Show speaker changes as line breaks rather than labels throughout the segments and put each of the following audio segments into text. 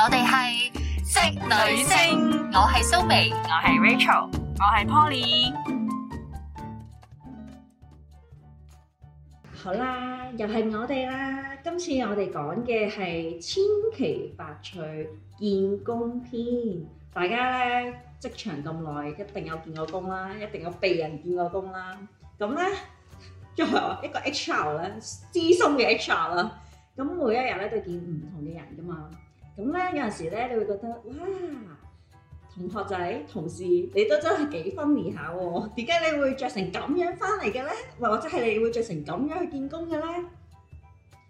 我哋係職女聲，我係蘇眉，我係 Rachel，我係 Poly。好啦，又係我哋啦。今次我哋講嘅係千奇百趣見工篇。大家咧職場咁耐，一定有見過工啦，一定有被人見過工啦。咁咧作為一個 HR 啦，資深嘅 HR 啦，咁每一日咧都見唔同嘅人噶嘛。咁咧有陣時咧，你會覺得哇，同學仔、同事，你都真係幾分味下喎？點解你會着成咁樣翻嚟嘅咧？或或者係你會着成咁樣去見工嘅咧？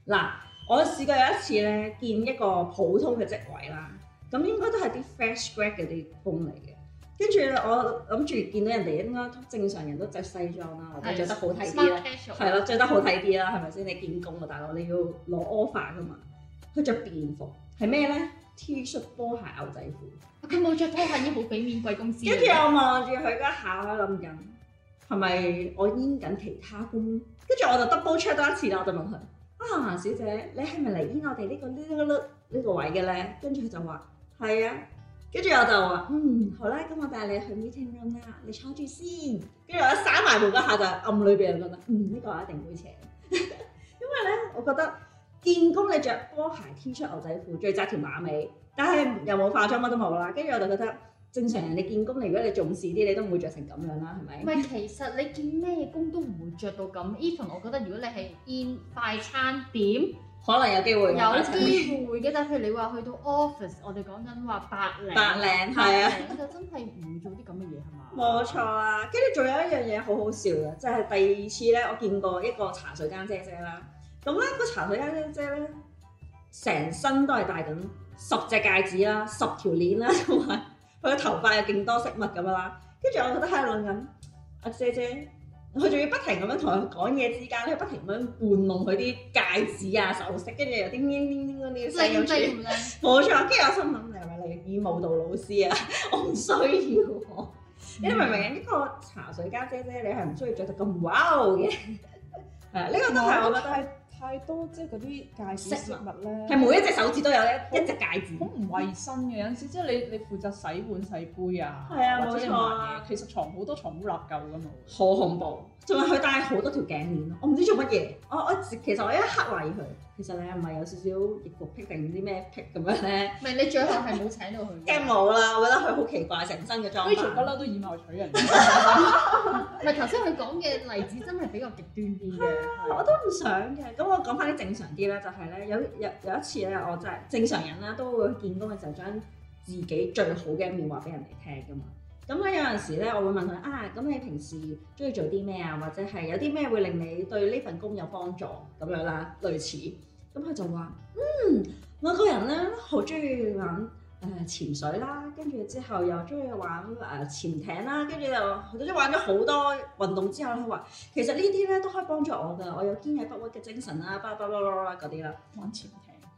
嗱，我試過有一次咧，見一個普通嘅職位啦，咁應該都係啲 fresh grad 嘅啲工嚟嘅。跟住我諗住見到人哋應該正常人都着西裝啦，或者着得好睇啲啦是。係咯，着得好睇啲啦，係咪先？你見工啊，大佬，你要攞 offer 噶嘛？佢着便服。係咩咧？T 恤、shirt，波鞋、牛仔褲，佢冇着拖鞋，已經好俾面貴公司。跟住我望住佢嗰下，我諗緊係咪我煙緊其他工？跟住我就 double check 多一次啦，我就問佢：啊，小姐，你係咪嚟煙我哋呢、呢個呢個呢個位嘅咧？跟住佢就話：係啊。跟住我就話：嗯，好啦，咁我帶你去 meeting room 啦，你坐住先。跟住我一閂埋門嗰下就暗裏邊啦，得：嗯「嗯、呢、呢個一定會請， 因為咧我覺得。見工你着波鞋，T 恤、牛仔褲，最紮條馬尾，但係又冇化妝，乜都冇啦。跟住我就覺得，正常人你見工，你如果你重視啲，你都唔會着成咁樣啦，係咪？唔係，其實你見咩工都唔會着到咁。Even 我覺得，如果你係 in 快餐店，可能有機會有機會嘅。但係譬如你話去到 office，我哋講緊話白領，白領係啊，就 真係唔做啲咁嘅嘢係嘛？冇錯啊。跟住仲有一樣嘢好好笑嘅，就係、是、第二次咧，我見過一個茶水間姐姐啦。咁咧個茶水家姐姐咧，成身都係戴緊十隻戒指啦，十條鏈啦，同埋佢個頭髮有勁多飾物咁樣啦。跟住我覺得喺度諗緊，阿姐姐，佢仲要不停咁樣同佢講嘢之間咧，不停咁樣玩弄佢啲戒指啊、首飾，跟住有啲「叮叮叮」嗰啲聲音。住。靚靚冇錯，跟住我心諗你係咪你嚟舞蹈老師啊？我唔需要，你明唔明？呢個茶水家姐姐你係唔需要着得咁 wow 嘅。係啊，呢個都係我覺得係。太多即係嗰啲戒指飾物咧，係每一隻手指都有一都一隻戒指，好唔衞生嘅有陣時。即係你你負責洗碗洗杯啊，係啊冇、啊、錯啊，其實藏好多藏污納垢噶嘛，好恐怖。仲有佢戴好多條頸鏈，我唔知做乜嘢。我我其實我一刻懷疑佢。其實你係唔係有少少易服癖定唔知咩癖咁樣咧？唔係你最後係冇請到佢。梗冇啦，我覺得佢好奇怪，成身嘅裝。Rachel 不嬲都以貌取人。唔係頭先佢講嘅例子真係比較極端啲嘅。 我都唔想嘅。咁我講翻啲正常啲啦，就係、是、咧有有有一次咧，我就係正常人啦，都會見工嘅時候將自己最好嘅一面話俾人哋聽㗎嘛。咁咧有陣時咧，我會問佢啊，咁你平時中意做啲咩啊？或者係有啲咩會令你對呢份工有幫助咁樣啦，類似。咁佢就話：嗯，我個人咧好中意玩誒、呃、潛水啦，跟住之後又中意玩誒、呃、潛艇啦，跟住又佢都玩咗好多運動之後，佢話其實呢啲咧都可以幫助我噶，我有堅毅不屈嘅精神、啊、啦，巴拉巴拉嗰啲啦。玩潛艇。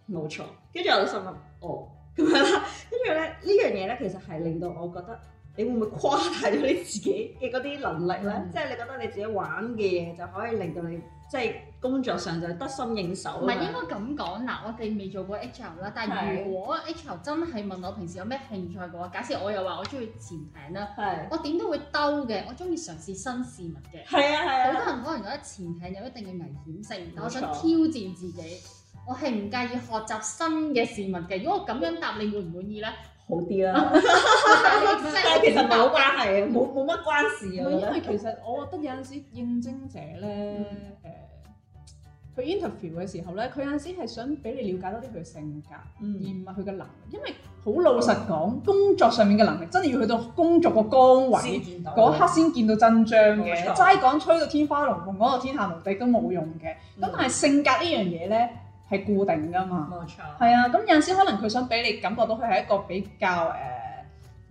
冇錯，跟住我就心諗，哦咁樣啦，跟住咧呢樣嘢咧其實係令到我覺得。你會唔會誇大咗你自己嘅嗰啲能力咧？嗯、即係你覺得你自己玩嘅嘢就可以令到你即係、就係、工作上就得心應手？唔係應該咁講嗱，我哋未做過 HR 啦，但係如果 HR 真係問我平時有咩興趣嘅話，假設我又話我中意潛艇啦吧，我點都會兜嘅，我中意嘗試新事物嘅。係啊係啊！好、啊、多人可能覺得潛艇有一定嘅危險性，我想挑戰自己，錯我係唔介意學習新嘅事物嘅。如果我咁樣答你滿唔滿意咧？好啲啦，但係其實冇關係，冇冇乜關事啊！因為其實我覺得有陣時應徵者咧，誒，佢 interview 嘅時候咧，佢有陣時係想俾你了解到佢嘅性格，而唔係佢嘅能力。因為好老實講，工作上面嘅能力真係要去到工作個崗位嗰刻先見到真章嘅。齋講吹到天花龍鳳，講到天下無敵都冇用嘅。咁但係性格呢樣嘢咧，係固定㗎嘛，冇錯，係啊，咁有陣時可能佢想俾你感覺到佢係一個比較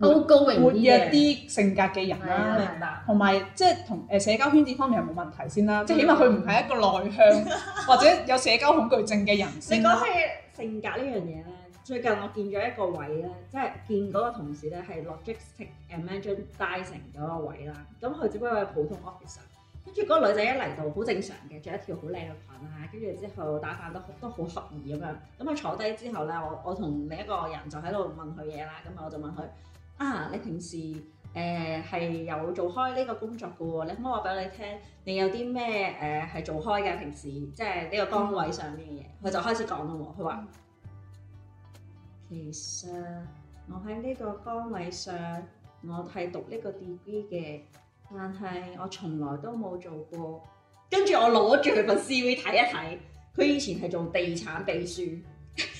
誒高高榮活躍啲性格嘅人啦。啊啊，明白，同埋即係同誒社交圈子方面係冇問題先啦。啊，即係、嗯、起碼佢唔係一個內向 或者有社交恐懼症嘅人，啊。你講起性格呢樣嘢咧，最近我見咗一個位咧，即係見嗰個同事咧係 Logistics Management Trainee 嗰個位啦，咁佢只不過係普通 office。跟住嗰個女仔一嚟到，好正常嘅，着一條好靚嘅裙啊，跟住之後打扮得都好合意咁樣。咁啊坐低之後咧，我我同另一個人就喺度問佢嘢啦。咁啊我就問佢：啊，你平時誒係、呃、有做開呢個工作嘅喎？你可唔可以話俾我聽，你有啲咩誒係做開嘅？平時即係呢個崗位上面嘅嘢。佢、嗯、就開始講啦。佢話：其實我喺呢個崗位上，我係讀呢個 degree 嘅。但係我從來都冇做過，跟住我攞住佢份 CV 睇一睇，佢以前係做地產秘書，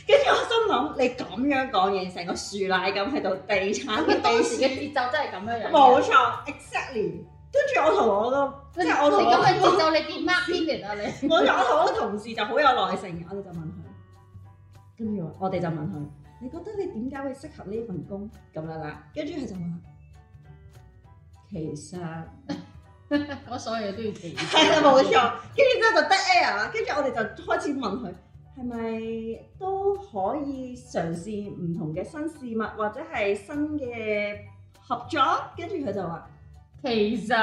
跟 住我心諗，你咁樣講嘢，成個樹奶咁喺度地產秘書，佢當時嘅節奏真係咁樣樣，冇錯，exactly。 我跟住我同我都，即係我同，你咁嘅節奏你編乜篇嚟啊你？ 我我同我同事就好有耐性，我哋就問佢，跟住我哋就問佢，你覺得你點解會適合呢份工咁樣啦？跟住佢就話。其實，我所有嘢都要做，係啦，冇錯。跟住之後就得 air，跟住我哋就開始問佢，係咪都可以嘗試唔同嘅新事物，或者係新嘅合作？跟住佢就話，其實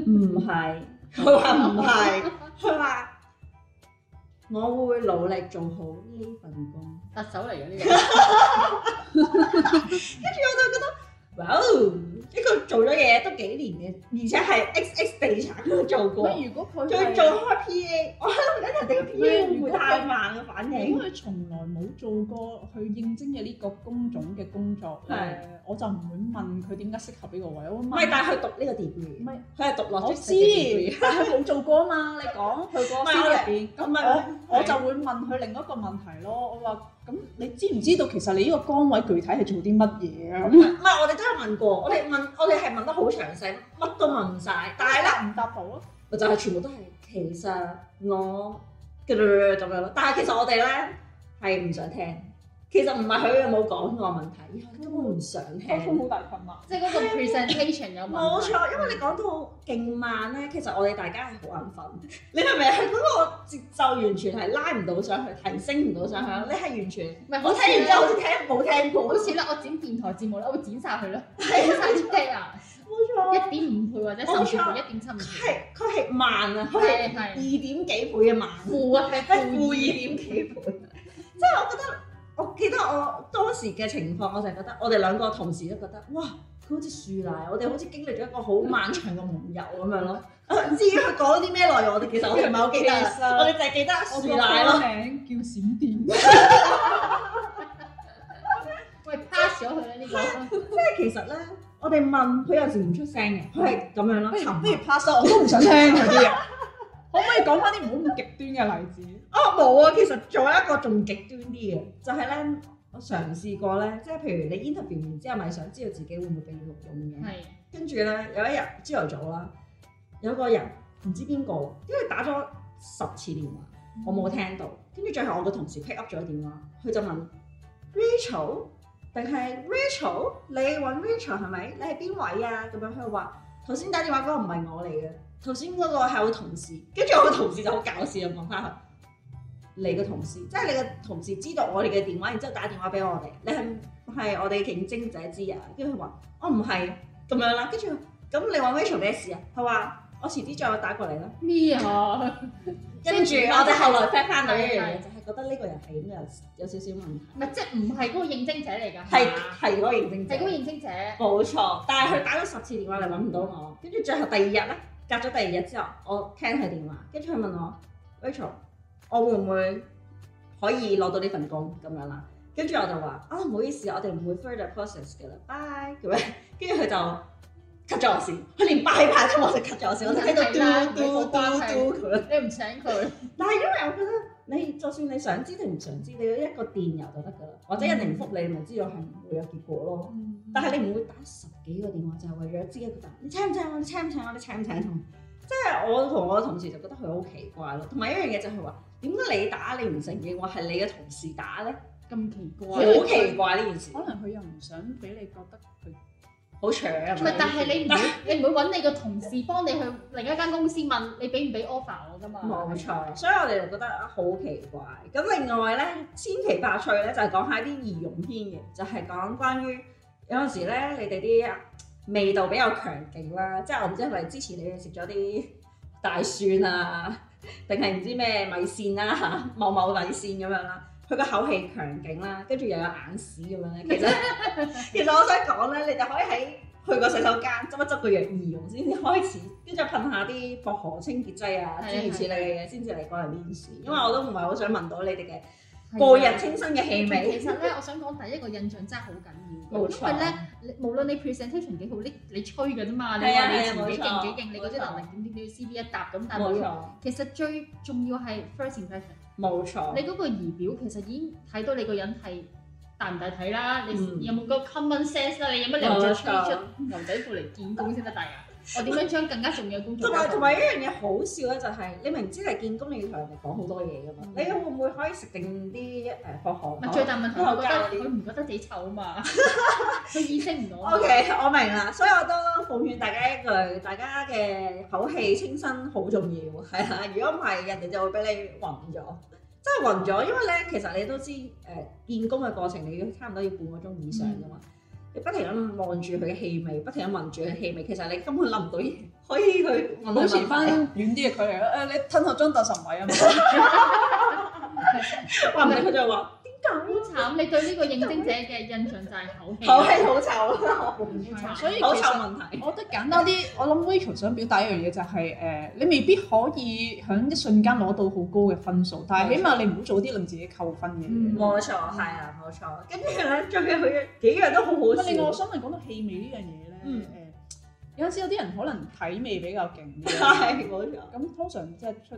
唔係，佢話唔係，佢話我會努力做好呢份工，特首嚟嘅呢個。跟住我就覺得，哇哦！一個做咗嘢都幾年嘅，而且係 XX 地產都做過，如果佢再做開 PA，我可能一陣地 PA 唔太慢嘅反應。咁佢從來冇做過去應徵嘅呢個工種嘅工作咧，的我就唔會問佢點解適合呢個位。我問，喂，但係佢讀呢個 degree，唔係佢係讀 law 我知，但係佢冇做過啊嘛，你講佢個先入邊，咁係我我就會問佢另一個問題咯，我話。咁、嗯、你知唔知道其實你呢個崗位具體係做啲乜嘢啊？唔係、嗯嗯、我哋都有問過，我哋問我哋係問得好詳細，乜都問唔晒，但係咧唔答到咯。咪就係、是、全部都係其實我咁樣咯，但係其實我哋咧係唔想聽。其實唔係佢有冇講錯問題，因為根本唔想聽。即係嗰個 presentation 有問題。冇錯，因為你講到勁慢咧，其實我哋大家係好眼瞓。你明唔明？佢嗰個節奏完全係拉唔到上去，提升唔到上去。你係完全唔係我睇完之後好似睇冇聽。好似咧，我剪電台節目咧，我會剪晒佢咯。係啊，冇錯。一點五倍或者收視一點七倍。佢係佢係慢啊！佢係二點幾倍嘅慢。負啊，係負二點幾倍。即係我覺得。我記得我當時嘅情況，我就係覺得，我哋兩個同時都覺得，哇！佢好似樹奶，我哋好似經歷咗一個好漫長嘅夢遊咁樣咯。唔知佢講啲咩內容，我哋其實我哋唔係好記得實我哋就係記得樹奶咯。名叫閃電。哈哈哈哈 喂，pass 咗佢啦呢、這個。即係其實咧， 我哋問佢有時唔出聲嘅，佢係咁樣咯。喂的不如 pass，我都唔想聽佢啲嘢。 可唔可以講翻啲唔好咁極端嘅例子？啊、 哦，冇啊，其實仲有一個仲極端啲嘅，就係、是、咧，我嘗試過咧，即係譬如你 Interview 完之後，咪、就是、想知道自己會唔會被錄用嘅。係是。跟住咧，有一日朝頭早啦，有個人唔知邊個，因為打咗十次電話，嗯、
我冇聽
到，跟住最後我個同事 pick up 咗電話，佢就問 Rachel，定係 Rachel？你揾 Rachel 係咪？你係邊位啊？咁樣佢話頭先打電話嗰個唔係我嚟嘅。頭先嗰個係我同事，跟住我個同事就好搞笑咁問翻佢你個同事，即係你個同事知道我哋嘅電話，然之後打電話俾我哋，你係係我哋應徵者之一，跟住佢話我唔係咁樣啦。跟住咁你話 Rachel 咩事啊？佢話我遲啲再打過嚟啦。咩啊麼？跟住我哋後來 check 翻到呢樣嘢，就係覺得呢個人係點又有少少問題。唔係即係唔係嗰個應徵者嚟㗎？係係嗰個應徵者係嗰個應徵者。冇是錯，但係佢打咗十次電話嚟揾唔到我，跟住 最後第二日咧。隔咗第二日之後，我聽佢電話，跟住佢問我 Rachel，我會唔會可以攞到呢份工咁樣啦？跟住我就話：啊，唔好意思，我哋唔會 further process 嘅啦，bye 咁樣。跟住佢就 cut 咗我線，佢連 bye bye 都冇就 cut 咗我線，我喺度嘟嘟嘟你唔請佢？ 但係因為我覺得。你就算你想知定唔想知，你有一個電郵就得噶啦，或者一定覆你，咪知道係唔會有結果咯。嗯、但係你唔會打十幾個電話就係為咗知一個答案，你請唔請我？你請唔請我？你請唔請我？即係我同我同事就覺得佢好奇怪咯。同埋一樣嘢就係話，點解你打你唔承認，我係你嘅同事打咧？咁奇怪，好奇怪呢他件事。可能佢又唔想俾你覺得佢。好長啊！唔係，但係你唔會， 你唔會揾你個同事幫你去另一間公司問你俾唔俾 offer 我㗎嘛？冇錯，所以我哋就覺得好奇怪。咁另外咧，千奇百趣咧就係講下啲儀容篇嘅，就係、是講，就是、講關於有陣時咧，你哋啲味道比較強勁啦，即係我唔知係咪之前你哋食咗啲大蒜啊，定係唔知咩米線啦、啊、嚇，某某米線咁樣啦。佢個口氣強勁啦，跟住又有眼屎咁樣咧。其實其實我想講咧，你就可以喺去個洗手間執一執個藥匙先至開始，跟住噴下啲薄荷清潔劑啊，諸如此類嘅嘢先至嚟過嚟練試。因為我都唔係好想聞到你哋嘅過日清新嘅氣味。其實咧，我想講第一個印象真係好緊要，因為咧，無論你 presentation 幾好，你你吹嘅啫嘛。係啊，冇錯。幾勁幾勁，你嗰啲能力點點點，CB 一答咁，但係其實最重要係 first 冇錯，你嗰個儀表其實已經睇到你個人係大唔大體啦。嗯、你有冇個 common sense 啊？你有乜理由着住牛仔褲嚟見工先得大。啊？ 我點樣將更加重要嘅工作？同埋同埋一樣嘢好笑咧、就是，就係你明知係見工，你要同人哋講好多嘢噶嘛？嗯、你會唔會可以食定啲誒殼殼？最大問題我，嗰得店，佢唔覺得自己臭啊嘛，佢 意識唔到。O、okay, K，我明啦，所以我都奉勸大家一句，大家嘅口氣清新好重要，係啊！如果唔係，人哋就會俾你暈咗，真係暈咗。因為咧，其實你都知誒、呃、見工嘅過程，你要差唔多要半個鐘以上噶嘛。嗯你不停咁望住佢嘅氣味，不停咁聞住佢嘅氣味，其實你根本諗唔到依可以去保持翻遠啲嘅距離，你吞下樽特什米啊？我唔 理佢啫喎。好慘！你對呢個應徵者嘅印象就係口氣，口氣好臭啊！好慘，對所以其實醜，我覺得簡單啲。 我諗 Rachel 想表達一樣嘢就係、是，誒、呃，你未必可以喺一瞬間攞到好高嘅分數，但係起碼你唔好早啲令自己扣分嘅。冇錯，係啊，冇錯。跟住咧，最近佢幾樣都好好笑、嗯、另外，我想問講到氣味呢樣嘢咧，誒、嗯呃，有陣時有啲人可能體味比較勁啲，係。 咁通常即係出。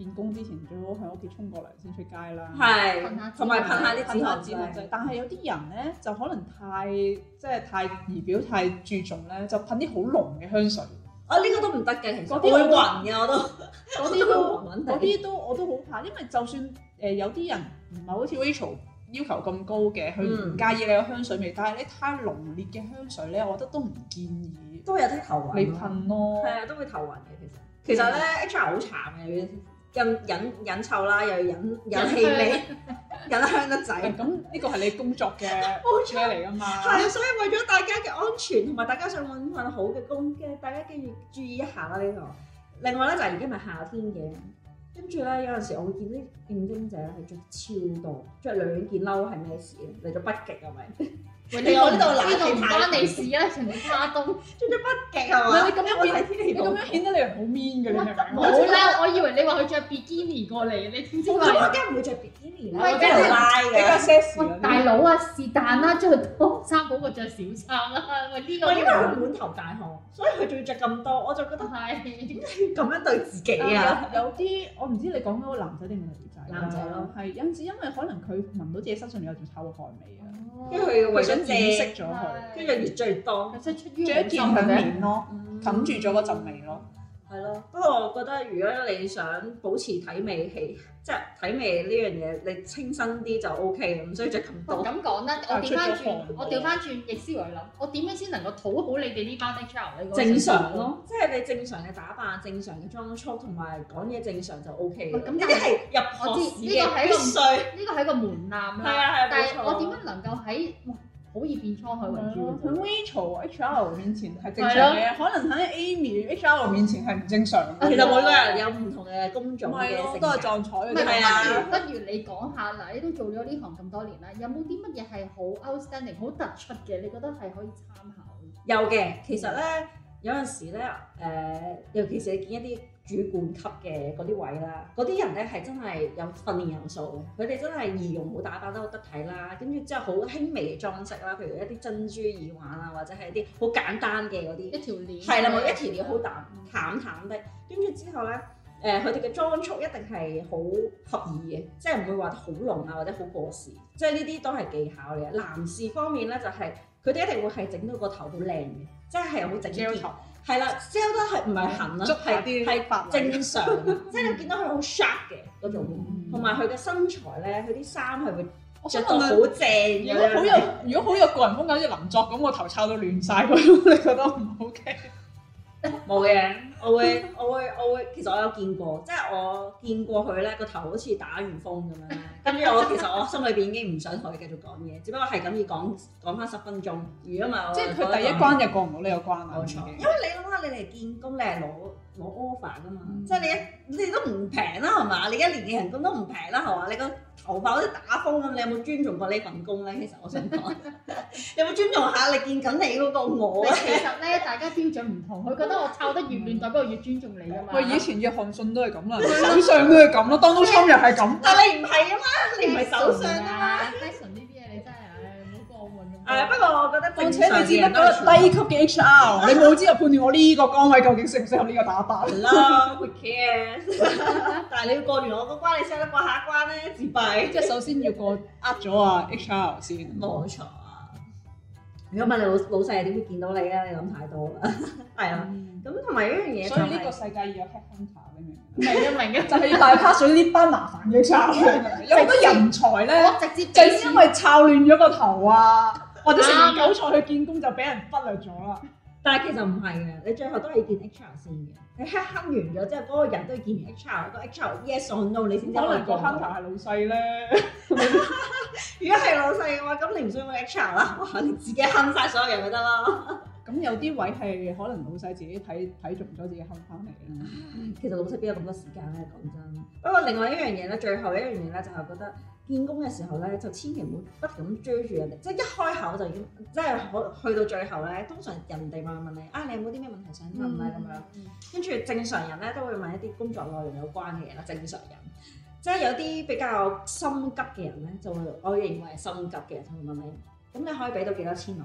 見工之前最好喺屋企沖過涼先出街啦，係，同埋噴下啲止汗劑。但係有啲人咧就可能太即係太儀表太注重咧，就噴啲好濃嘅香水。啊，呢個都唔得嘅，其實會暈嘅，我都嗰啲都嗰啲都我都好怕，因為就算誒有啲人唔係好似 Rachel 要求咁高嘅，佢唔介意你有香水味，但係你太濃烈嘅香水咧，我覺得都唔建議，都會有啲頭暈。你噴咯，係啊，都會頭暈嘅。其實其實咧，HR 好慘嘅。又隱隱臭啦，又隱隱氣味，隱香得滯。咁呢個係你工作嘅安全嚟㗎嘛？係啊， 所以為咗大家嘅安全，同埋大家想揾份好嘅工，嘅，大家記住注意一下啦呢個。另外咧就係而家咪夏天嘅，跟住咧有陣時我會見啲應徵者咧係著超多，著兩件褸係咩事？嚟咗北極係咪？是你我呢度冷氣唔關你事啊，成日花東著咗北極係嘛？唔係你咁樣變天氣，你咁樣顯得你係好 mean 㗎。唔好啦，我以為你話佢著 bikini 過嚟，你點知話？我梗係唔會著 bikini 啦，我拉嘅比較 sexy。喂，大佬啊，是但啦，著多衫嗰個著少衫啦。喂，呢個。喂，因為佢滿頭大汗，所以佢仲要著咁多，我就覺得點解要咁樣對自己啊？有啲我唔知你講嗰個男仔定女仔？男仔咯，係有陣時因為可能佢聞到自己身上有住臭汗味啊。跟住佢為咗掩飾咗佢，跟住越嚟越多，即係出於好心嘅，冚住咗嗰陣味咯。係咯，不過我覺得如果你想保持體味氣，即係體味呢樣嘢，你清新啲就 O K，唔需要著咁多。咁講得。我調翻轉，啊、我調翻轉逆思維諗，我點樣先能夠討好你哋呢班啲 girl 呢個？正常咯，即係你正常嘅打扮、正常嘅裝束同埋講嘢正常就 O、OK、K。唔咁，呢啲係入破屎嘅必須，呢個係一個門檻啦。係啊係，冇錯。但係我點樣能夠喺？好易變滄海為主，喺 Rachel H R 面前係正常，嘅了，可能喺 Amy H R 面前係唔正常。其實每個人有唔同嘅工種，都係撞彩嘅。不如不如你講下嗱，你都做咗呢行咁多年啦，有冇啲乜嘢係好 outstanding 好突出嘅？你覺得係可以參考？有嘅，其實咧，有陣時咧誒、呃，尤其是你見一啲。主管級嘅嗰啲位啦，嗰啲人咧係真係有訓練有素嘅，佢哋真係儀容好，打扮得好得體啦，跟住之後好輕微嘅裝飾啦，譬如一啲珍珠耳環啊，或者係一啲好簡單嘅嗰啲，一條鏈，係啦、嗯，冇一條鏈好淡淡淡哋。跟住之後咧，誒佢哋嘅裝束一定係好合宜嘅，即係唔會話好濃啊或者好過時，即係呢啲都係技巧嚟嘅。男士方面咧就係佢哋一定會係整到個頭好靚嘅，即係好整潔。嗯係啦，sell 得係唔係痕啦，係係正常，即係 你見到佢好 sharp 嘅嗰種，同埋佢嘅身材咧，佢啲衫係會著到好正。如果好有如果好有個人風格，好似林作咁，我頭抄到亂曬，你覺得唔 OK？冇嘅，我會我會我會，我會 其實我有見過，即係我見過佢咧，個頭好似打完風咁樣。 跟住我其實我心裏邊已經唔想同佢繼續講嘢，只不過係咁要講講翻十分鐘。如果唔係，即係佢第一關就過唔到呢個關啊！冇錯！因為你諗下你嚟見工，你係攞攞 offer 噶嘛？即係你一你都唔平啦，係嘛？你一年嘅人工都唔平啦，係嘛？你個頭髮好似打風咁，你有冇尊重過呢份工咧？其實我想講，有冇尊重下你見緊你嗰個我啊？其實咧，大家標準唔同，佢覺得我湊得越亂，代表我越尊重你啊嘛！佢以前約翰遜都係咁啦，小尚都係咁咯，當奴侵又係咁。但係你唔係啊嘛！你唔係手相啦，Jason 呢啲嘢你真係，唉、哎，唔好過分咁。誒、啊，不過我覺得，況且你只得過低級嘅 HR， 你冇資格判斷我呢個崗位究竟適唔適合呢個打扮啦。但係你要過完我個關，你先得過下一關咧，自閉，即係首先要過呃咗啊 HR 先。冇 錯。如果問你老老細點會見到你，呢你 啊？你諗太多啦。係啊、就是，咁同埋一樣嘢。所以呢個世界要有 HR 嘅嘢。明嘅明嘅， 就係要大卡上呢班麻煩嘅人。 有好多人才咧，正 因為摷亂咗個頭啊， 或者食完韭菜去見工就俾人忽略咗啦。 但係其實唔係嘅，你最後都係要見 HR 先嘅。你黑坑完咗之後，嗰個人都要見完 HR，個 HR yes or no 你先知、這個。可能個 HR 係老細咧，如果係老細嘅話，咁你唔需要 HR 啦，你自己坑晒所有人咪得咯。 咁有啲位係可能老細自己睇睇中咗自己坑翻嚟嘅！其實老細邊有咁多時間咧？講真，不過另外一樣嘢咧，最後一樣嘢咧就係覺得見工嘅時候咧，就千祈唔好不停咁追住人哋，即係一開口就要，即係去到最後咧，通常人哋問問你啊，你有冇啲咩問題想問啊？咁樣、嗯，跟住正常人咧都會問一啲工作內容有關嘅嘢啦。正常人，即係、嗯、有啲比較心急嘅人咧，就會我認為心急嘅人就會問你，咁你可以俾到幾多錢我？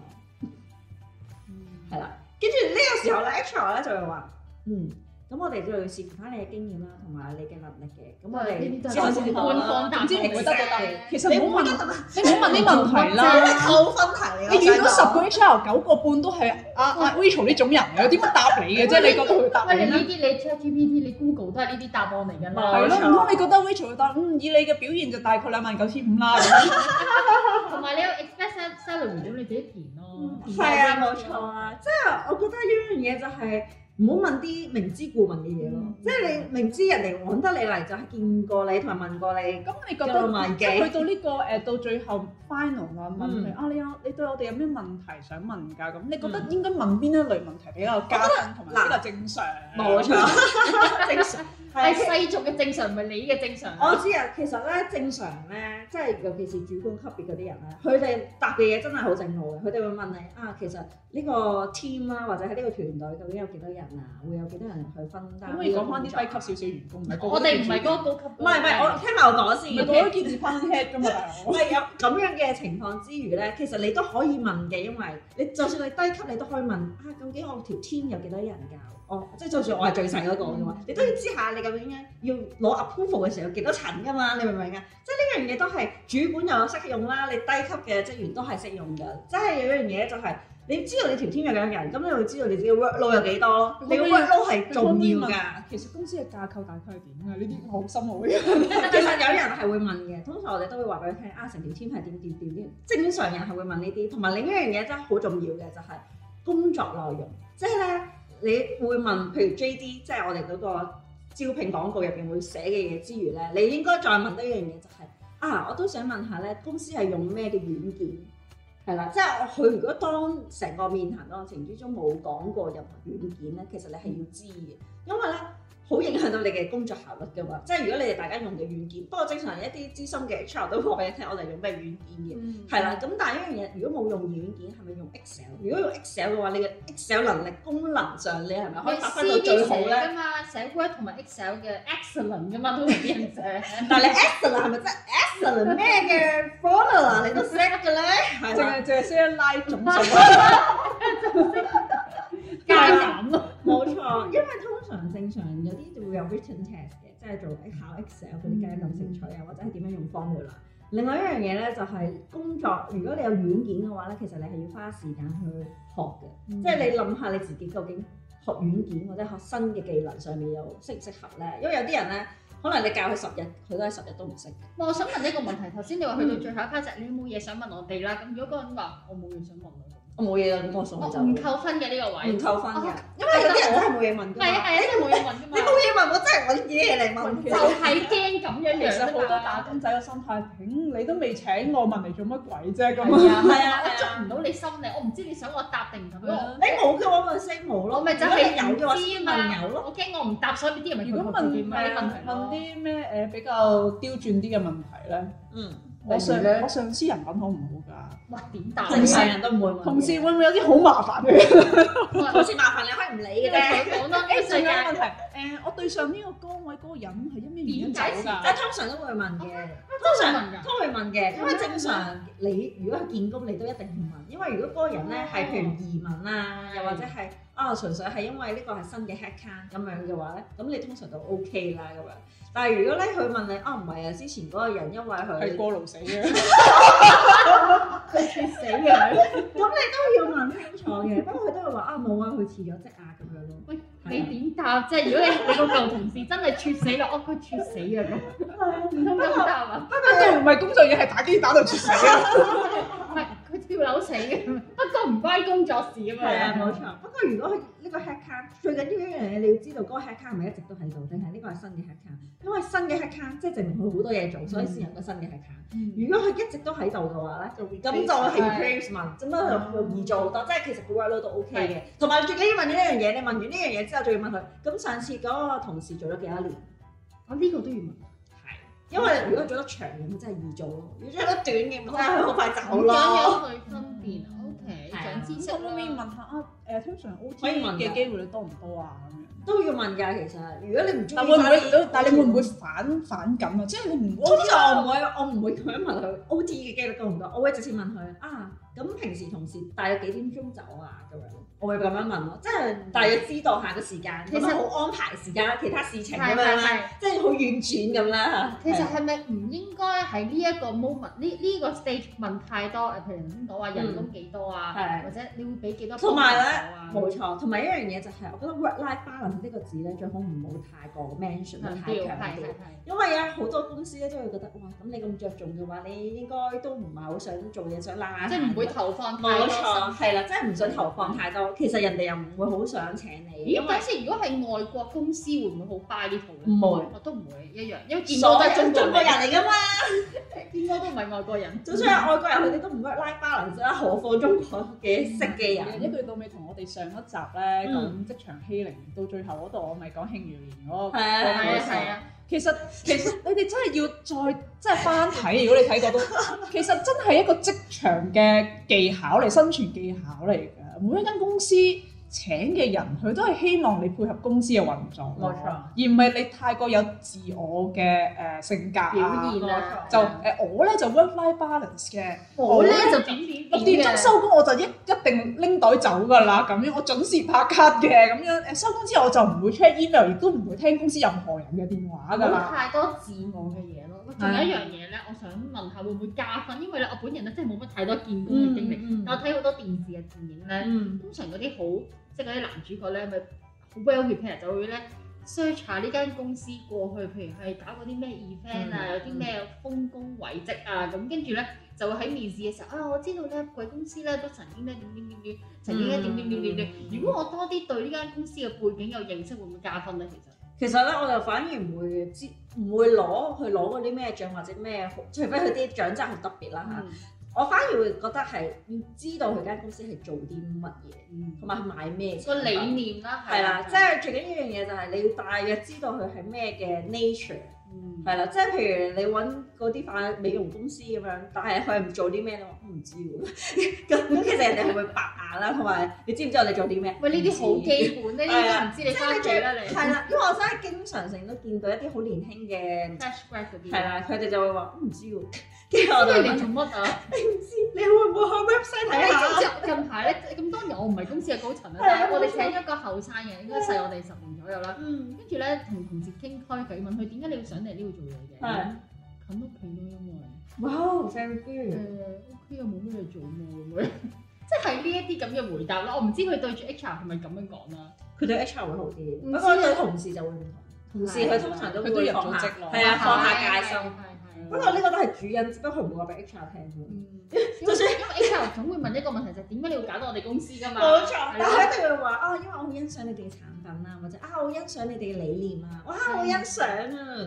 係啦，跟住呢個時候咧，Rachel 咧就會話：嗯，咁我哋就要試翻你嘅經驗啦，同埋你嘅能力嘅。咁我哋，九個半，點知唔會
得你。答案 其實你唔好問，你唔好問啲問題啦。冇
分題，你遇到十個 HR，九個半都係阿 Rachel 呢種人有啲乜答你嘅啫？ 你覺得答？喂，你呢啲你 ChatGPT、你，你，你 Google 都係呢啲答案嚟㗎啦。係咯、 啊，唔通你覺得 Rachel 會答嗯， 以你嘅表現就大概兩萬九千五啦。同埋咧。s 唔到你自己填咯，係啊，冇錯啊，即係我覺得一樣嘢就係唔好問啲明知故問嘅嘢咯，即係你明知人哋揾得你嚟就係見過你同埋問過你，咁你覺得即係去到呢個誒到最後 final 啊問你：「啊你有你對我哋有咩問題想問㗎？」咁你覺得應該問邊一類問題比較加分同埋比較正常？冇錯，正常。係世俗嘅正常，唔係你嘅正常。我知啊，其實咧正常咧，即係尤其是主管級別嗰啲人咧，佢哋答嘅嘢真係好正路嘅。佢哋會問你啊，其實呢個 team 啦，或者喺呢個團隊究竟有幾多人啊？會有幾多人去分擔？咁可以講翻啲低級少少員工啊？我哋唔係多高級。唔係唔係，我聽埋我講先。咪講啲件事方 head 㗎嘛？係有咁樣嘅情況之餘咧，其實你都可以問嘅，因為你就算你低級，你都可以問啊，究竟我條 team 有幾多人㗎？哦，即係就算我係最細嗰、那個嘅話，嗯、你都要知下你究竟要攞 approval 嘅時候有幾多層噶嘛？你明唔明啊？即係呢樣嘢都係主管又有識用啦，你低級嘅職員都係識用嘅。即係有一樣嘢就係，你知道你條 team 有幾多人，咁你會知道你自己 work load 有幾多。嗯、你 work load 係重要㗎、嗯嗯嗯。其實公司嘅架構大概係點啊？呢啲好深奧嘅。 其實有人係會問嘅，通常我哋都會話俾佢聽啊，成條 team 係點點點，正常人係會問呢啲，同埋另一樣嘢真係好重要嘅就係、是、工作內容，即係咧。你會問，譬如 JD，即係我哋嗰個招聘廣告入邊會寫嘅嘢之餘咧，你應該再問多一樣嘢就係、是，啊，我都想問下咧，公司係用咩嘅軟件？係啦，即係佢如果當成個面談過程之中冇講過任何軟件咧，其實你係要知嘅，因為咧。好影響到你嘅工作效率嘅嘛，即係如果你哋大家用嘅軟件，不過正常一啲資深嘅 HR 都講俾你聽，我哋用咩軟件嘅，係啦，咁但係一樣嘢，如果冇用軟件，係咪用 Excel？如果用 Excel 嘅話，你嘅 Excel 能力功能上，你係咪可以發揮到最好咧？嘅嘛，寫 Word 同埋 Excel 嘅 Excellent 嘅嘛都係一樣啫，但係 Excel 係咪真係 Excellent 咩嘅 Formula 你都識嘅咧？係。淨係淨係識拉總數。梗係唔得。冇錯，因為佢。嗯、正常有啲就會有 written test 嘅，即係做考 Excel 嗰梗嘅咁興趣啊，或者係點樣用 formula。另外一樣嘢咧就係、是、工作，如果你有軟件嘅話咧，其實你係要花時間去學嘅，嗯、即係你諗下你自己究竟學軟件或者學新嘅技能上面有適唔適合咧？因為有啲人咧，可能你教佢十日，佢都係十日都唔識。嗯、我想問呢個問題，頭先你話去到最後一趴，即係、嗯、你有冇嘢想問我哋啦？咁如果嗰人話，我冇嘢想問。我冇嘢啦，咁我送走。唔扣分嘅呢個位。唔扣分嘅。因為有啲人我都冇嘢問。係啊係啊，因為冇嘢問啫嘛。你冇嘢問，我真係揾嘢嚟問佢。就係驚咁樣樣。其實好多打工仔嘅心態，你都未請我問你做乜鬼啫咁。係啊我捉唔到你心理，我唔知你想我答定唔答，你冇嘅話問聲冇咯。咪就係有啲啊有咯。我驚我唔答，所以啲人如果問問啲咩誒比較刁鑽啲嘅問題咧。嗯。我上我上司人品好唔好㗎？哇！點答？正常人都唔會問。同事會唔會有啲好麻煩嘅？同事麻煩你可以唔理嘅啫。誒，仲有問題？誒，我對上呢個崗位嗰個人係因咩原因走㗎？但係通常都會問嘅，通常都會問嘅，因為正常你如果係見工，你都一定要問，因為如果嗰個人咧係譬如移民啊，又或者係。啊，純粹係因為呢個係新嘅 headcount 咁樣嘅話咧，咁你通常就 OK 啦咁樣。但係如果咧佢問你啊，唔、哦、係啊，之前嗰個人因為佢係過勞死嘅，佢猝死嘅，咁 你都要問清楚嘅。不過佢都係話啊，冇啊，佢辭咗職啊咁樣咯。喂，你點答？即係 如果你你個舊同事真係猝死啦，哦，佢猝死啊咁，唔通咁答啊？佢仲唔係工作嘢，係打機打到猝死 跳樓死嘅，不過唔關工作事啊嘛。係啊 吧，冇錯。不過如果佢呢個 hack card 最緊要一樣嘢你要知道，嗰、那個 hack card 係咪一直都喺度，定係呢個係新嘅 hack card，因為新嘅 hack card 即係證明佢好多嘢做，所以先有個新嘅 hack card。如果佢一直都喺度嘅話咧，咁 就係 premise 嘛，咁、er, 啊，啊樣容易做好多。即、就、係、是、其實 background 都 OK 嘅，同埋最緊要問你一樣嘢，你問完呢樣嘢之後，仲要問佢，咁上次嗰個同事做咗幾多年？啊呢個都要問。 嗯因為如果做得長嘅，佢真係易做咯；如果做得短嘅，佢真係好快走咯。咁樣去分辨，O K。想知識咯。後面、嗯、問下啊，誒，通常 O T 嘅機會率多唔多啊？都要問㗎，其實。如果你唔中意，但會你，你，你會唔會反反感啊？即係你唔通常我我唔會咁樣問佢 O T 嘅機會率多唔多？我會直接問佢啊，咁平時同事大約幾點鐘走啊？咁樣。我會咁樣問咯，即係大約知道下個時間，其實好安排時間其他事情咁樣啦，即係好婉轉咁啦。其實係咪唔應該喺呢一個 moment 呢呢個 stage 問太多？譬如頭先講話人工幾多啊，或者你會俾幾多？同埋咧，冇錯。同埋一樣嘢就係，我覺得 work-life balance 呢個字咧，最好唔好太過 mention 太強調，因為有好多公司咧都會覺得哇，咁你咁着重嘅話，你應該都唔係好想做嘢，想拉，即係唔會投放太多，冇錯，係啦，即係唔想投放太多。其實人哋又唔會好想請你。咁但先，如果係外國公司，會唔會好 buy 呢套咧？唔會，我都唔會一樣，因為見到都係中國人嚟噶嘛，應該都唔係外國人。就算係外國人，佢哋都唔 work life balance 啦，何況中國嘅識嘅人。一句到尾，同我哋上一集咧講職場欺凌，到最後嗰度我咪講慶餘年嗰個嗰個時候。其實其實你哋真係要再即係翻睇，如果你睇過都，其實真係一個職場嘅技巧嚟，生存技巧嚟。每一間公司請嘅人，佢都係希望你配合公司嘅運作，冇錯，而唔係你太過有自我嘅誒性格表現啦。就誒，我咧就 work-life balance 嘅，我咧就六點鐘收工我就一一定拎袋走噶啦。咁樣我準時拍卡嘅，咁樣誒收工之後我就唔會 check email，亦都唔會聽公司任何人嘅電話㗎啦。太多自我嘅嘢咯，仲有一樣嘢咧。我想問下會唔會加分？因為咧，我本人咧真係冇乜太多見工嘅經歷。嗯嗯、但我睇好多電視嘅電影咧，嗯、通常嗰啲好即係嗰啲男主角咧，咪好 well prepared 就會咧 search 下呢間公司過去，譬如係搞嗰啲咩 event 啊，嗯嗯、有啲咩豐功偉績啊，咁、嗯嗯、跟住咧就會喺面試嘅時候啊，我知道咧貴公司咧都曾經咧點點點點，曾經咧點點點點點。嗯嗯、如果我多啲對呢間公司嘅背景有認識，會唔會加分咧？其實其實咧，我就反而唔會知。唔會攞去攞嗰啲咩獎或者咩，除非佢啲獎真係好特別啦嚇。嗯、我反而會覺得係要知道佢間公司係做啲乜嘢，同埋買咩，個理念啦，係啦了，即係、就是、最緊要一樣嘢就係你要大約知道佢係咩嘅 nature。嗯，係啦， 即係譬如你揾嗰啲化美容公司咁樣，但係佢唔做啲咩咧，我唔知喎。咁 其實人哋係咪白眼啦？同埋你知唔知我哋做啲咩？喂，呢啲好基本咧、啊，呢啲都唔知，你翻嚟。係啦，了 因為我真係經常性都見到一啲好年輕嘅，係啦，佢 哋了就會話唔 知喎。知嚟做乜啊？唔知你會唔會去 WhatsApp 下？近排咧咁多年，我唔係公司嘅高層啦，但係我哋請咗個後生嘅，應該細我哋十年左右啦。嗯，跟住咧同同事傾開，就要問佢點解你要上嚟呢度做嘢嘅？係近屋企多啲喎。哇！細個啲，誒 OK 啊，冇咩嘢做喎咁樣，即係呢一啲咁嘅回答啦。我唔知佢對住 HR 係咪咁樣講啦。佢對 HR 會好啲，我覺得同事就會唔同。同事佢通常都都放下，係啊，放下戒心。不過呢個都係主因，只不過唔會話俾 HR 聽嘅。嗯，就算因為 HR 總會問一個問題，就係點解你要揀到我哋公司㗎嘛？冇錯，但係一定要話啊，因為我好欣賞你哋嘅產品啊，或者啊，我好欣賞你哋嘅理念啊，哇，好欣賞啊！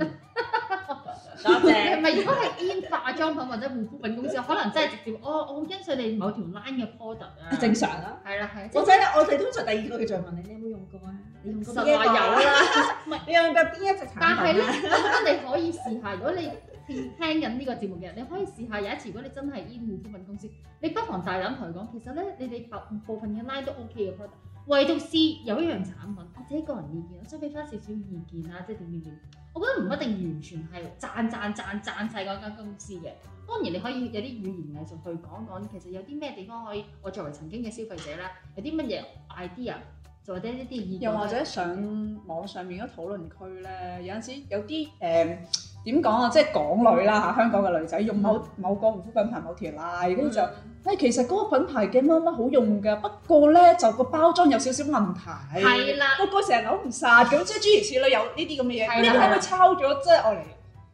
多謝。係咪如果係 in 化妝品或者護膚品公司，可能真係直接，哦，我好欣賞你某條 line 嘅 product 啊。正常啊。係啦係。我哋我哋通常第二個嘅再問你，你有冇用過啊？用過就話有啦。唔係，你用過邊一隻產品？但係咧，我覺得你可以試下，如果你，聽緊呢個節目嘅人，你可以試下有一次，如果你真係醫護膚品公司，你不妨大膽同佢講。其實咧，你哋部分嘅 line 都 OK 嘅 product。唯獨是有一樣產品，我自己個人意見，我想俾翻少少意見啊，即係點點點。我覺得唔一定完全係讚讚讚讚晒嗰間公司嘅。當然你可以有啲語言藝術去講講，其實有啲咩地方可以，我作為曾經嘅消費者咧，有啲乜嘢 idea，或者一啲意見。又或者上網上面嗰討論區咧，有陣時有啲誒。嗯嗯點講啊，即係港女啦嚇，香港嘅女仔用某某個護膚品牌某條奶，跟住就誒，其實嗰個品牌嘅乜乜好用㗎，不過咧就個包裝有少少問題。係啦，個個成日攞唔晒，咁即係諸如此類，有呢啲咁嘅嘢，呢啲係咪抄咗即係嚟？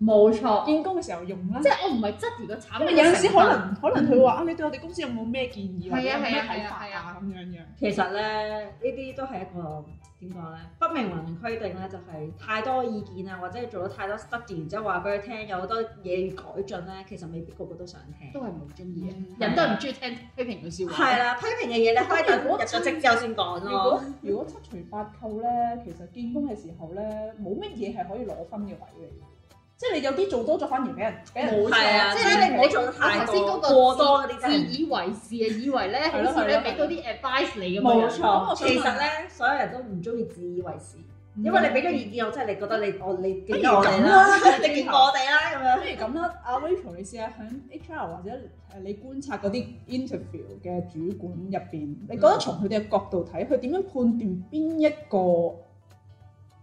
冇錯，見工嘅時候用啦。即係我唔係質疑個產品。有陣時可能可能佢話啊，你對我哋公司有冇咩建議或者咩睇法啊？咁樣樣。其實咧，呢啲都係一個。點講咧？不明文規定咧，就係太多意見啊，或者做咗太多 study，然之後話俾佢聽有好多嘢要改進咧，其實未必個個都想聽，都係冇中意嘅，人都係唔中意聽批評嘅說話。係啦， 批評嘅嘢咧，批評如果入咗職之後先講咯。如果如果七除八扣咧，其實見工嘅時候咧，冇乜嘢係可以攞分嘅位嚟。即係你有啲做多咗，反而俾人俾人冇錯。即係咧，你我從頭先嗰個自以為是，以為咧好似咧俾到啲 advice 你咁樣。冇錯，其實咧，所有人都唔中意自以為是，因為你俾咗意見，我真係你覺得你我你敬我哋啦，你敬我哋啦咁樣。不如咁啦，阿 Rachel，你試下喺 HR 或者誒你觀察嗰啲 interview 嘅主管入邊，你覺得從佢哋嘅角度睇，佢點樣判斷邊一個？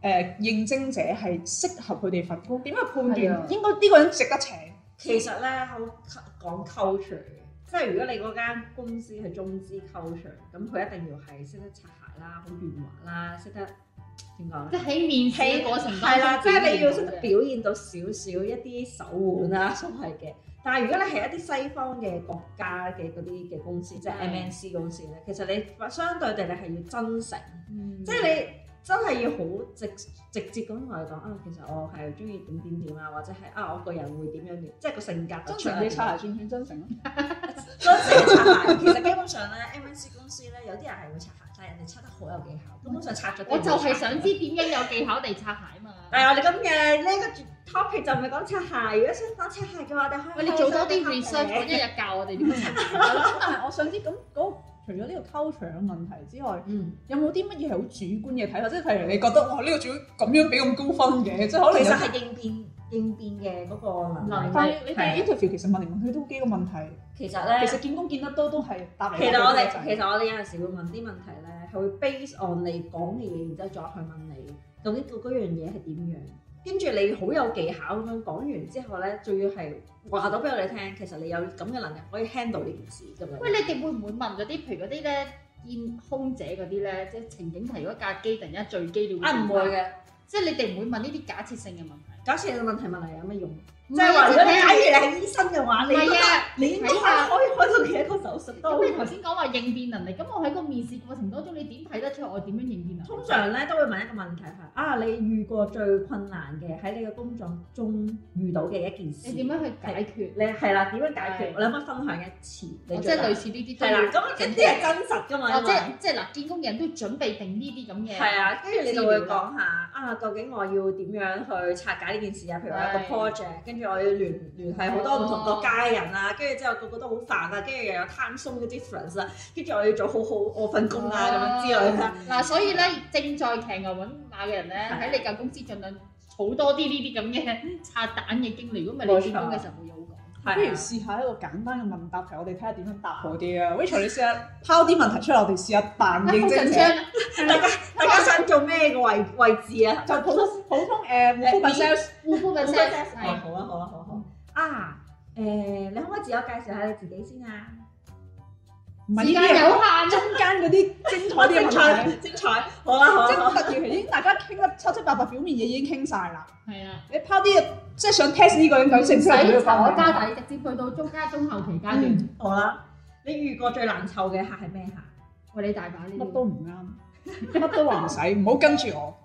誒應徵者係適合佢哋份工點去判斷？的應該呢個人值得請。其實咧，好講 culture，即係如果你嗰間公司係中資 culture，咁佢一定要係識得擦鞋啦、好圓滑啦、識得點講，即係喺面試嘅過程係啦，即係、就是、你要識得表現到少少一啲手腕啦、啊，所謂嘅。但係如果你係一啲西方嘅國家嘅嗰啲嘅公司，嗯、即係 MNC 公司咧，對其實你相對地你係要真誠，即係你。真係要好直直接咁同佢講啊，其實我係中意點點點啊，或者係啊，我個人會點樣點、啊，即係個性格。真誠你擦鞋，真誠真誠。真誠擦鞋，其實基本上咧 ，MNC 公司咧，有啲人係會擦鞋，但係人哋擦得好有技巧。根本上擦咗。我就係想知點樣有技巧地擦鞋嘛。係啊， 你咁嘅呢個 topic 就唔係講擦鞋，如果想講擦鞋嘅話，我哋可以。你做多啲 research，一日 res 教我哋點擦鞋。但係 我想知咁除咗呢個 culture 嘅問題之外，嗯，有冇啲乜嘢係好主觀嘅睇法？即係譬如你覺得哇，呢、呢個主管咁樣俾咁高分嘅，即係可能其實係應變應變嘅嗰個能力。嗯、題 Interview 的其實問嚟問佢都幾個問題。其實咧，其實見工見得多都係答其實我哋其實我哋有陣時會問啲問題咧，係會 base on 你講嘅嘢，然之後再去問你究竟做嗰樣嘢係點樣。跟住你好有技巧咁樣講完之後咧，仲要係話到俾我哋聽，其實你有咁嘅能力可以 handle 呢件事咁樣。喂，你哋會唔會問嗰啲譬如嗰啲咧，空姐嗰啲咧，即係情景題如果架機突然間墜機了？啊，唔會嘅，即係你哋唔會問呢啲假設性嘅問題。假設性嘅問題問嚟有咩用？即係話，如果你假如你係醫生嘅話，你都你應該話。嗰度幾多手術多？咁你頭先講話應變能力，咁我喺個面試過程當中，你點睇得出我點樣應變啊？通常咧都會問一個問題係啊，你遇過最困難嘅喺你嘅工作中遇到嘅一件事，你點樣去解決？你係啦，點樣解決？我諗一分享一次，你即係類似呢啲，係啦，咁一啲係真實㗎嘛，即係即係嗱，見工人都要準備定呢啲咁嘅，係啊，跟住你就會講下啊，究竟我要點樣去拆解呢件事啊？譬如話一個 project，跟住我要聯聯繫好多唔同國家嘅人啊，跟住之後我覺個個都好煩。跟住又有貪鬆嘅 difference 啦，跟住我要做好好我份工啊，咁樣之類。嗱，所以咧正在騎牛揾馬嘅人咧，喺你間公司盡量好多啲呢啲咁嘅拆彈嘅經歷。如果唔係你轉工嘅時候冇嘢好講。不如試下一個簡單嘅問答題，我哋睇下點樣答好啲啊。Rachel，你試下拋啲問題出嚟，我哋試下扮認真。大家大家想做咩嘅位位置啊？就普通普通誒護膚品 sales，護膚品 sales。好啊，好啊，好好。啊！誒，你可唔可以自我介紹下你自己先啊？唔係，時間有限，中間嗰啲精彩啲，精彩精彩。好啦，即係我突然已經大家傾得七七八八，表面嘢已經傾晒啦。係啊。你拋啲即係想 test 呢個人佢成唔成？我家底直接去到中家中後期階段。好啦，你遇過最難湊嘅客係咩客？喂，你大把呢。乜都唔啱，乜都話唔使，唔好跟住我。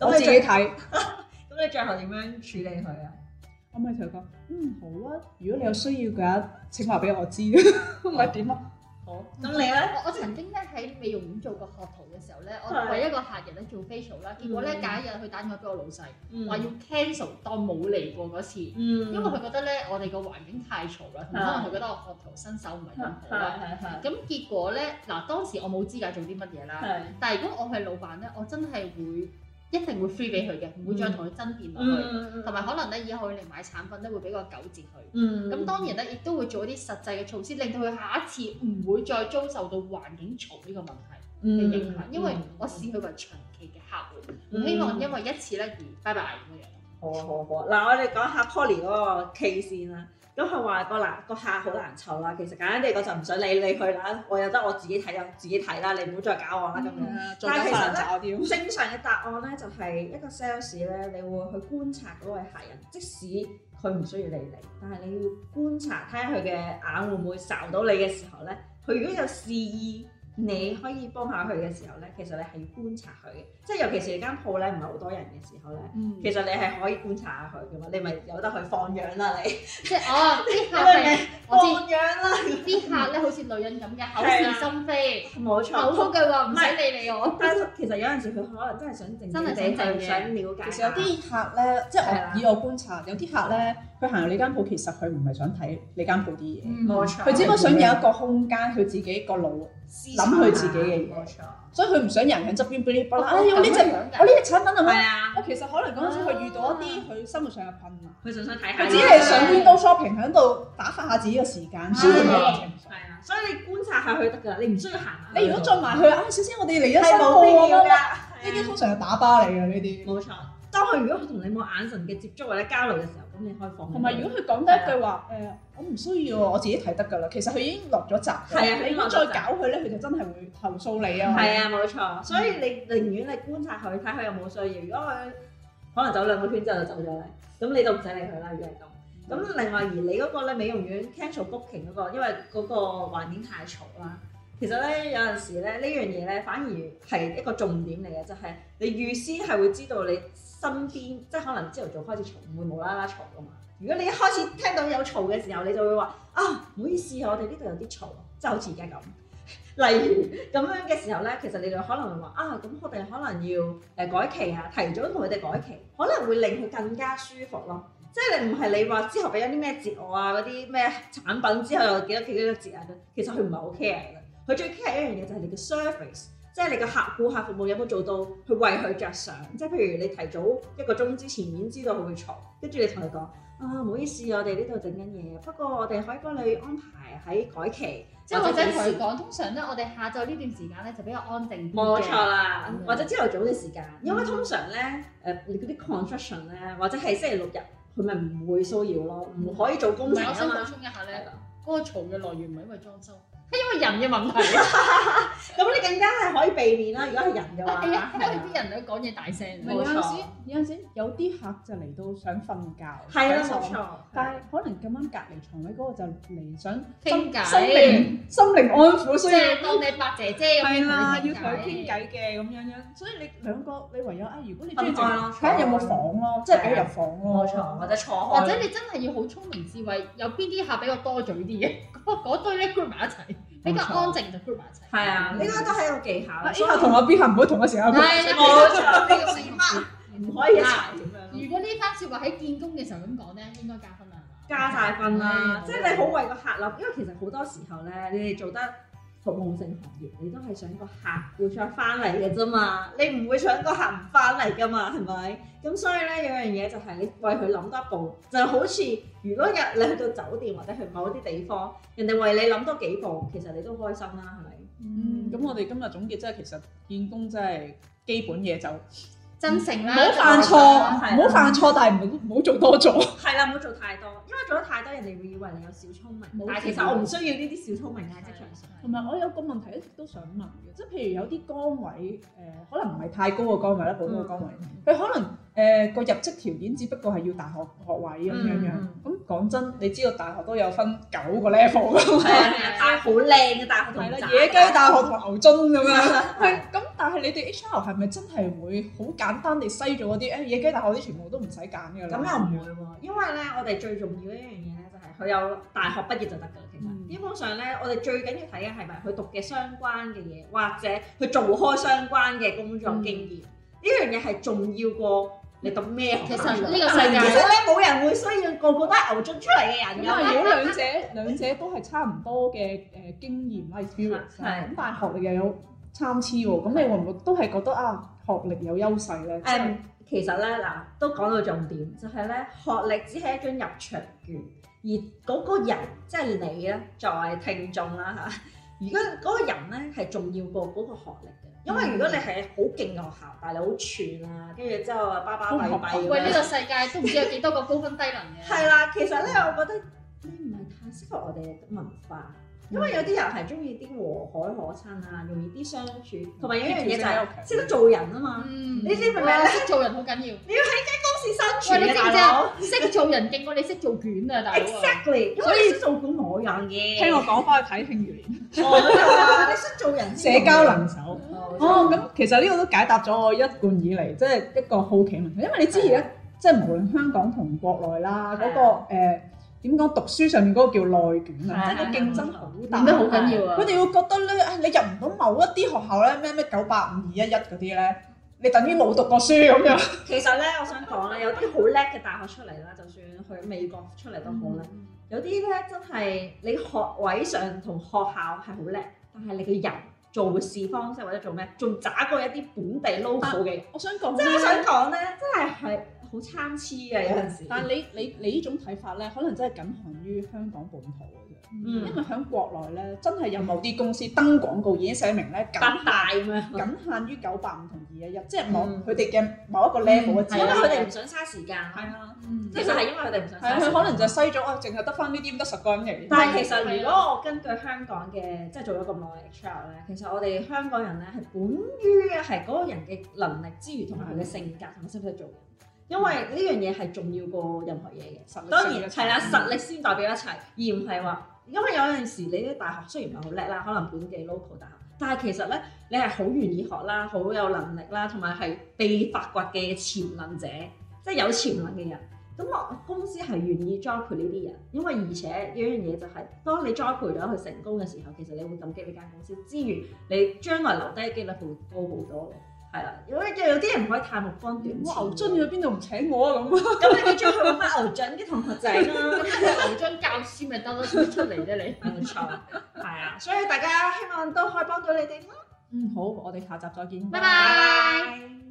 咁你自己睇。咁你最後點樣處理佢啊？我咪同佢講，嗯，好啊，如果你有需要嘅話，請話俾我知，唔係點啊？
好，咁你咧？我
曾經咧喺美容院做過學徒嘅時候咧，我為一個客人咧做 facial 啦，結果咧隔一日佢打電話俾我老細，話要 cancel 當冇嚟過嗰次，因為佢覺得咧我哋個環境太嘈啦，同可能佢覺得我學徒新手唔係咁好啦。咁結果咧，嗱當時我冇資格做啲乜嘢啦，但係如果我係老闆咧，我真係會。一定會 free 俾佢嘅，唔會再同佢爭辯落去，同埋、嗯嗯、可能咧以後佢嚟買產品咧會俾個九折佢。咁、嗯、當然咧亦都會做一啲實際嘅措施，令到佢下一次唔會再遭受到環境嘈呢個問題嘅影響，嗯嗯、因為我視佢為長期嘅客戶，唔、嗯、希望因為一次咧而拜拜。咁、嗯、樣。好啊好好嗱我哋講下 Poly 嗰個 case 先啦。咁係話個客好難湊啦，嗯、其實簡單啲講就唔想理你去啦，我有得我自己睇就自己睇啦，你唔好再搞我啦咁樣。但係其實正常嘅答案咧就係一個 sales，你會去觀察嗰位客人，即使佢唔需要理你，但係你要觀察睇下佢嘅眼會唔會睄到你嘅時候呢，佢如果有示意你可以幫下佢嘅時候呢，其實你係要觀察佢嘅。即係尤其是你間鋪咧，唔係好多人嘅時候咧，其實你係可以觀察下佢嘅嘛，你咪有得去放養啦你。即係哦，啲客放養啦，啲客咧好似女人咁嘅口是心非，冇錯。某一句話唔使理理我。但其實有陣時佢可能真係想靜靜地，唔想了解。其實有啲客咧，即係我以我觀察，有啲客咧，佢行入你間鋪，其實佢唔係想睇你間鋪啲嘢，冇錯。佢只不過想有一個空間，佢自己個腦諗佢自己嘅嘢，冇錯。所以佢唔想人喺側邊俾我呢隻我呢隻產品係咪？我其實可能嗰陣時佢遇到一啲佢生活上嘅困難，佢就想睇下。佢只係想邊多 shopping，喺度打發下自己嘅時間。係啊，所以你觀察下佢得㗎啦，你唔需要行啊。你如果進埋去啊，小姐，我哋嚟咗新貨啊！呢啲通常係打包嚟㗎，呢啲。冇錯，當佢如果同你冇眼神嘅接觸或者交流嘅時候。同埋，你如果佢講多一句話，誒，我唔需要，嗯、我自己睇得㗎啦。其實佢已經落咗閘，係啊，你要再搞佢咧，佢就真係會投訴你啊。係啊，冇錯，嗯、所以你寧願你觀察佢，睇佢有冇需要。如果佢可能走兩個圈之後就走咗啦，咁你都唔使理佢啦，如果係咁。咁、嗯、另外，而你嗰個咧美容院、嗯、cancel booking 嗰、嗰個，因為嗰個環境太嘈啦。其實咧，有陣時咧呢樣嘢咧，反而係一個重點嚟嘅，就係、係、你預先係會知道你。身邊即係可能朝頭早開始嘈，唔會無啦啦嘈噶嘛。如果你一開始聽到有嘈嘅時候，你就會話啊，唔好意思，我哋呢度有啲嘈，就好似而家咁。 例如咁樣嘅時候咧，其實你就可能會話啊，咁我哋可能要誒改期啊，提早同佢哋改期，可能會令佢更加舒服咯。即係你唔係你話之後俾咗啲咩折我啊，嗰啲咩產品之後又幾多幾多折啊？其實佢唔係好 care 嘅，佢最 care 一樣嘢就係你嘅 service 即係你個客顧客服務有冇做到去為佢着想？即係譬如你提早一個鐘之前已經知道佢會嘈，跟住你同佢講：啊，唔好意思，我哋呢度整緊嘢，不過我哋可以幫你安排喺改期。即係我想同佢講，通常咧，我哋下晝呢段時間咧就比較安靜啲。冇錯啦，的或者朝頭早嘅時間，的因為通常咧，誒嗰啲 construction 咧，或者係星期六日，佢咪唔會騷擾咯，唔的可以做工程的。㗎嘛我想補充一下咧，嗰個嘈嘅來源唔係因為裝修。係因為人嘅問題啦，咁你更加係可以避免啦。如果係人嘅話，因為啲人都講嘢大聲。有陣時，有陣時有啲客就嚟到想瞓覺，係啦，冇錯。但係可能咁啱隔離床位嗰個就嚟想傾偈，心靈心靈安撫。所以當你白姐姐咁樣，要同佢傾偈嘅咁樣樣。所以你兩個，你唯有啊，如果你中意靜，睇下有冇房咯，即係俾入房咯。冇錯，或者坐開，或者你真係要好聰明智慧，有邊啲客比較多嘴啲嘅，嗰堆咧 group 埋一齊。比較安靜就 group 埋一齊。係啊，呢個都係有技巧。左行同右邊行唔可以同一時間。唔係，唔可以一齊咁樣。如果呢番說話喺見工嘅時候咁講咧，應該加分啦。加大分啦，即係你好為個客諗，因為其實好多時候咧，你哋做得服務性行業，你都係想個客會再翻嚟嘅啫嘛，你唔會想個客唔翻嚟噶嘛，係咪？咁所以咧，有樣嘢就係你為佢諗多一步，就好似如果日你去到酒店或者去某一啲地方，人哋為你諗多幾步，其實你都開心啦，係咪？嗯、咁我哋今日總結即係其實見工即係基本嘢就。
真誠啦，唔好犯錯，唔好犯錯，但係唔
好唔好做多咗。係啦，唔好做太多，因為做得太多，人哋會以為你有小聰明。但係其實我唔需要呢啲小聰明啊，職場上。同埋我有個問題一直都想問，即係譬如有啲崗位，誒、呃、可能唔係太高嘅崗位啦，普通嘅崗位，佢可能。誒個入職條件只不過係要大學學位咁樣樣，咁講真，你知道大學都有分九個 level 㗎嘛，係好靚嘅大學同野雞大學同牛津咁樣，係咁，但係你哋 HR 係咪真係會好簡單地篩咗嗰啲誒野雞大學啲全部都唔使揀嘅啦？咁又唔會喎，因為呢我哋最重要一樣嘢呢就係佢有大學畢業就得㗎，其實基本上呢我哋最緊要睇嘅係咪佢讀嘅相關嘅嘢，或者佢做開相關嘅工作經驗，呢樣嘢係重要過。你讀咩學？呢個世界咧，冇、嗯、人會需要個個都係牛津出嚟嘅人㗎。如果、嗯、兩者 兩者都係差唔多嘅誒經驗啦，experience，咁但係學歷又有參差喎。咁、嗯、你會唔會都係覺得啊學歷有優勢咧？誒、嗯，就是、其實咧嗱，都講到重點，就係、是、咧學歷只係一張入場券，而嗰個人即係、就是、你咧，在聽眾啦嚇。啊如果嗰個人咧係重要過嗰個學歷嘅，因為如果你係好勁嘅學校，但係你好串啊，跟住之後啊巴巴閉閉，為呢個世界都唔知有幾多個高分低能嘅。係啦，其實咧，我覺得你唔係太適合我哋嘅文化，因為有啲人係中意啲和藹可親啊，容易啲相處，同埋有一樣嘢就係識得做人啊嘛。嗯，你知唔明，咧？識做人好緊要。你要喺～喂你知唔知啊？識做人勁過你識做卷啊！大佬，Exactly，所以做卷我用嘅。聽我講翻去睇評語，你識做人，社交能手。哦，咁其實呢個都解答咗我一貫以嚟，即係一個好奇嘅問題，因為你之前咧，即係無論香港同國內啦，嗰個誒點講，讀書上面嗰個叫內卷啊，即係個競爭好大，變得好緊要啊。佢哋會覺得咧，你入唔到某一啲學校咧，咩咩九八五二一一嗰啲咧？你等於冇讀過書咁樣。 其實咧，我想講咧，有啲好叻嘅大學出嚟啦，就算去美國出嚟都好啦。嗯、有啲咧真係你學位上同學校係好叻，但係你嘅人做事方式或者做咩，仲渣過一啲本地 local 嘅。啊、我想講，即係我想真係想講咧，真係係好參差嘅、嗯、有陣時。但係你你你，你種呢種睇法咧，可能真係僅限於香港本土。嗯，因為喺國內咧，真係有某啲公司登廣告已經寫明咧，僅限於九八五同二一一，即係冇佢哋嘅某一個 level 因為佢哋唔想嘥時間。係啊，即其實係因為佢哋唔想。係佢可能就衰咗啊，淨係得翻呢啲咁得十個人入。但係其實如果我根據香港嘅即係做咗咁耐嘅 HR 咧，其實我哋香港人咧係本於係嗰個人嘅能力之餘，同埋佢嘅性格同埋識唔識做，因為呢樣嘢係重要過任何嘢嘅。實力當然係啦，實力先代表一切，而唔係話。因為有陣時你啲大學雖然唔係好叻啦，可能本地 local 大學，但係其實咧你係好願意學啦，好有能力啦，同埋係被發掘嘅潛能者，即係有潛能嘅人。咁我公司係願意栽培呢啲人，因為而且一樣嘢就係，當你栽培到佢成功嘅時候，其實你會感激呢間公司，之餘你將來留低嘅機率會高好多。係啦，如果又有啲人唔可以太目光短，我、嗯、麼牛津去邊度唔請我啊咁？咁 你將佢搵返牛津啲同學仔啦，咁啲 牛津教師咪多多出嚟啫你，冇、嗯、錯，係啊，所以大家希望都可以幫到你哋咯。嗯，好，我哋下集再見。拜拜 bye。Bye bye